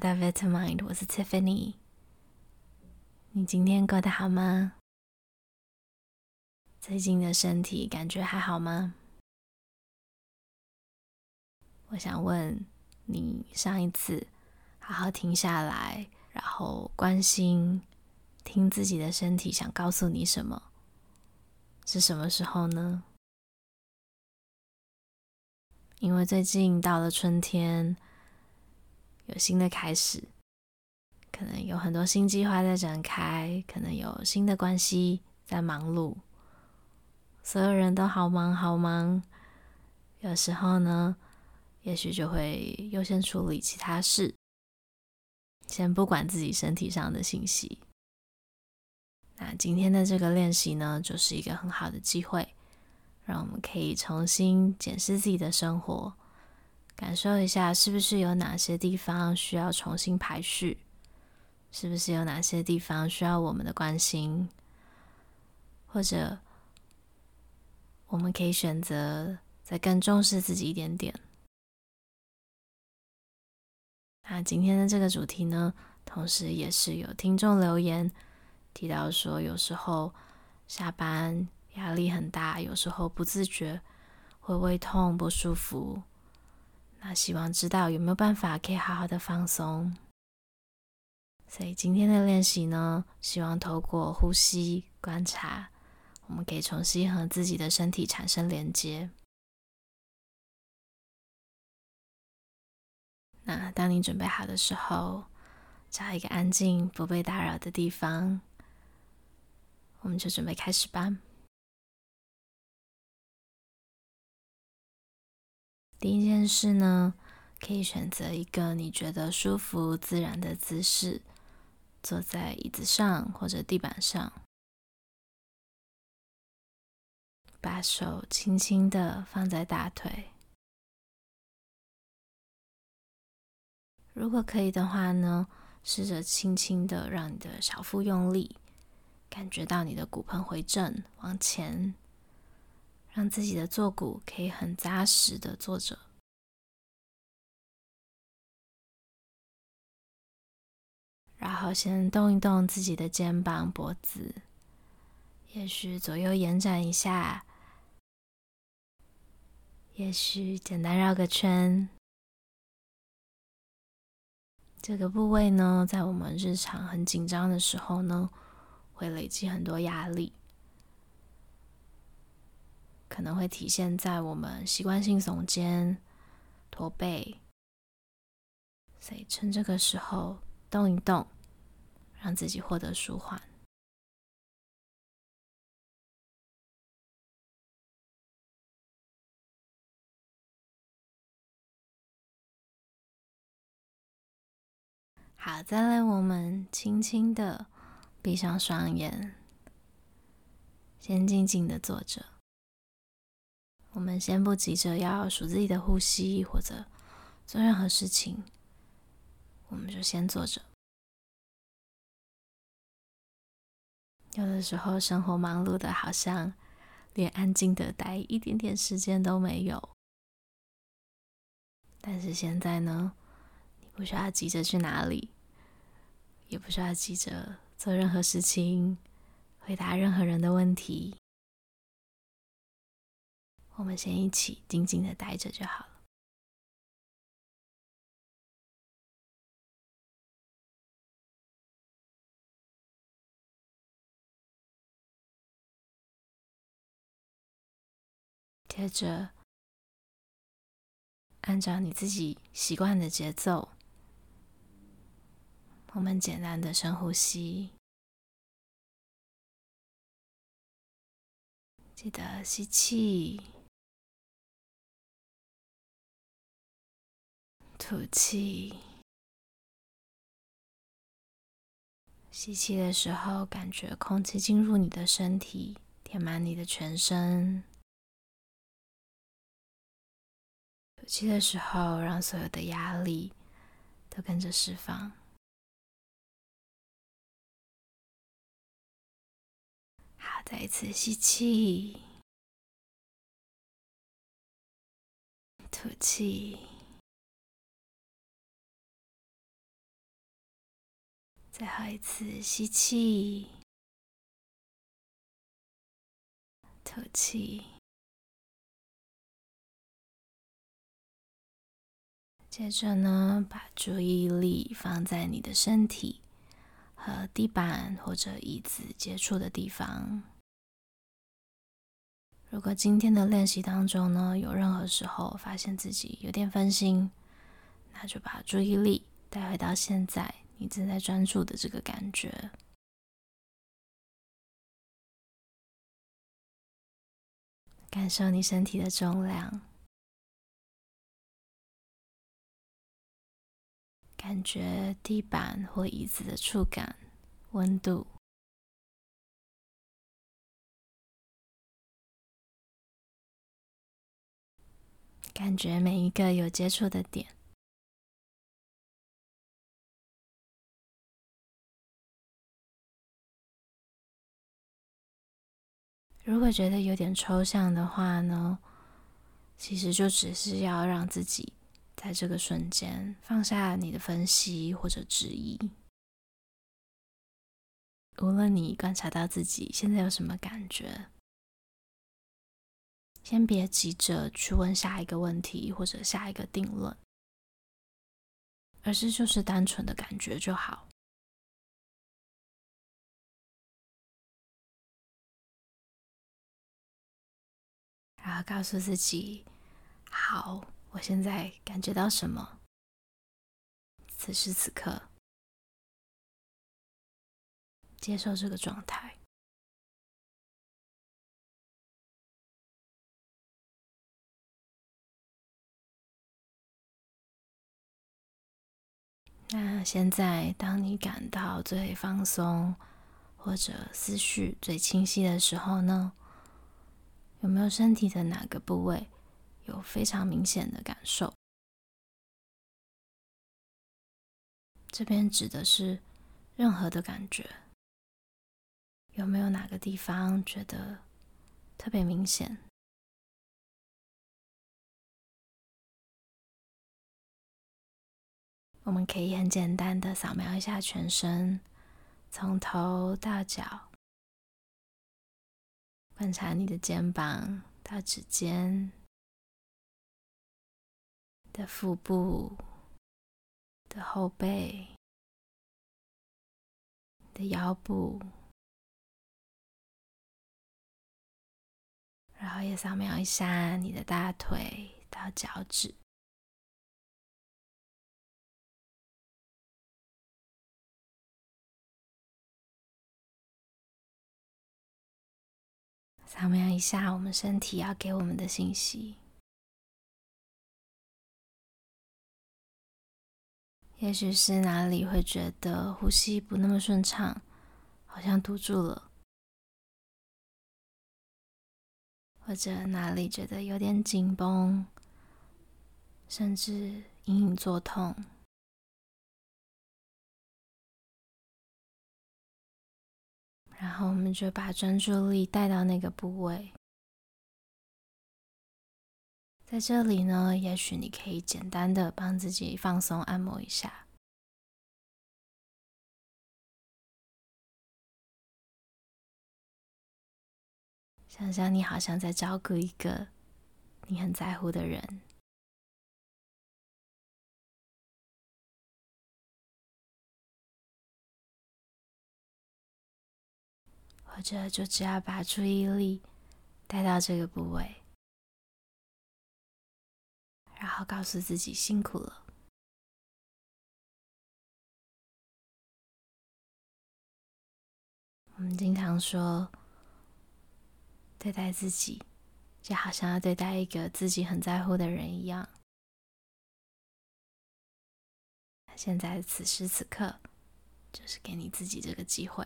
大家好，我是 Tiffany。你今天過得好嗎？最近的身體感覺還好嗎？我想問你，上一次好好停下來，然後關心聽自己的身體想告訴你什麼，是什麼時候呢？因為最近到了春天。有新的開始，可能有很多新計劃在展開，可能有新的關係在忙碌，所有人都好忙好忙。有時候呢，也許就會優先處理其他事，先不管自己身體上的信息。那今天的這個練習呢，就是一個很好的機會，讓我們可以重新檢視自己的生活。感受一下，是不是有哪些地方需要重新排序？是不是有哪些地方需要我們的關心？或者我們可以選擇再更重視自己一點點。那今天的這個主題呢，同時也是有聽眾留言提到說，有時候下班壓力很大，有時候不自覺，會胃痛，不舒服。那、啊、希望知道有沒有辦法可以好好的放鬆，所以今天的練習呢，希望透過呼吸觀察，我們可以重新和自己的身體產生連接。那當你準備好的時候，找一個安靜不被打擾的地方，我們就準備開始吧。第一件事呢，可以選擇一個你覺得舒服自然的姿勢，坐在椅子上或者地板上，把手輕輕的放在大腿。如果可以的話呢，試着輕輕的讓你的小腹用力，感覺到你的骨盆回正，往前。讓自己的坐骨可以很紮實的坐着，然後先動一動自己的肩膀、脖子，也許左右延展一下，也許簡單繞個圈。這個部位呢，在我們日常很緊張的時候呢，會累積很多壓力。可能會體現在我們習慣性聳肩、駝背，所以趁這個時候動一動，讓自己獲得舒緩。好，再來，我們輕輕的閉上雙眼，先靜靜的坐着。我們先不急着要數自己的呼吸，或者做任何事情，我們就先坐着。有的時候生活忙碌的，好像連安靜的待一點點時間都沒有。但是現在呢，你不需要急着去哪裡，也不需要急着做任何事情，回答任何人的問題。我們先一起靜靜的待着就好了。接着，按照你自己習慣的節奏，我們簡單的深呼吸，記得吸氣。吐氣，吸氣的時候，感覺空氣進入你的身體，填滿你的全身。吐氣的時候，讓所有的壓力都跟着釋放。好，再一次吸氣，吐氣。最後一次吸氣，吐氣。接着呢，把注意力放在你的身體和地板或者椅子接觸的地方。如果今天的練習當中呢，有任何時候發現自己有點分心，那就把注意力帶回到現在。你正在專注的這個感覺，感受你身體的重量，感覺地板或椅子的觸感、溫度，感覺每一個有接觸的點。如果覺得有點抽象的話呢，其實就只是要讓自己在這個瞬間放下你的分析或者質疑。無論你觀察到自己現在有什麼感覺，先別急着去問下一個問題或者下一個定論，而是就是單純的感覺就好。然後告訴自己：“好，我現在感覺到什麼？此時此刻，接受這個狀態。那現在，當你感到最放鬆，或者思緒最清晰的時候呢？”有沒有身體的哪個部位有非常明顯的感受？這邊指的是任何的感覺。有沒有哪個地方覺得特別明顯？我們可以很簡單的掃描一下全身，從頭到腳。觀察你的肩膀到指尖的腹部的後背的腰部，然後也掃描一下你的大腿到腳趾。掃描一下我們身體要給我們的信息，也許是哪裡會覺得呼吸不那麼順暢，好像堵住了，或者哪裡覺得有點緊繃，甚至隱隱作痛。然後我們就把專注力帶到那個部位，在這裡呢，也許你可以簡單的幫自己放鬆、按摩一下，想想你好像在照顧一個你很在乎的人。或者就只要把注意力帶到這個部位，然後告訴自己辛苦了。我們經常說，對待自己，就好像要對待一個自己很在乎的人一樣。現在此時此刻，就是給你自己這個機會。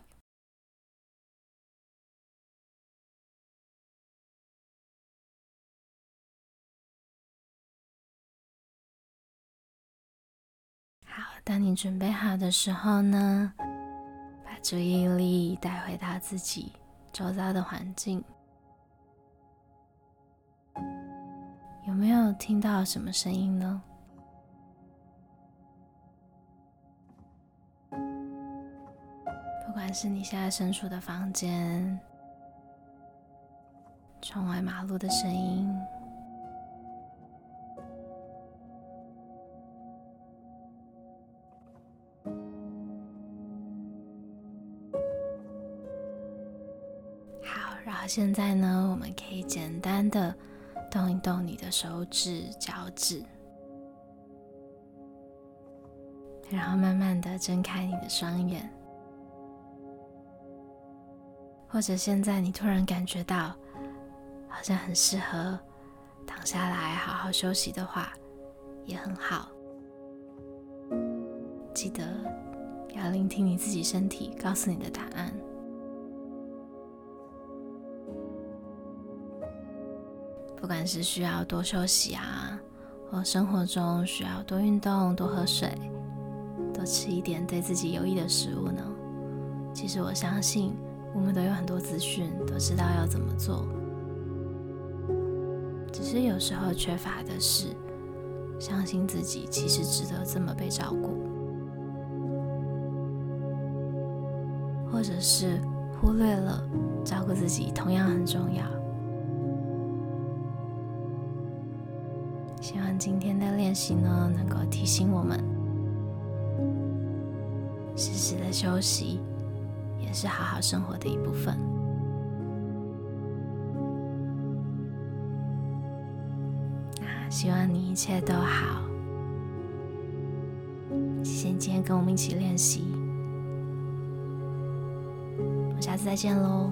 好，當你準備好的時候呢，把注意力帶回到自己周遭的環境，有沒有聽到什麼聲音呢？不管是你現在身處的房間，窗外馬路的聲音。然後現在呢，我們可以簡單的動一動你的手指、腳趾，然後慢慢的睜開你的雙眼。或者現在你突然感覺到好像很適合躺下來好好休息的話，也很好。記得要聆聽你自己身體告訴你的答案。不管是需要多休息啊，或生活中需要多運動、多喝水、多吃一點對自己有益的食物呢，其實我相信我們都有很多資訊，都知道要怎麼做，只是有時候缺乏的是相信自己其實值得這麼被照顧，或者是忽略了照顧自己同樣很重要。今天的練習呢，能夠提醒我們適時的休息，也是好好生活的一部分。那、啊、希望你一切都好，謝謝你今天跟我們一起練習，我下次再見嘍。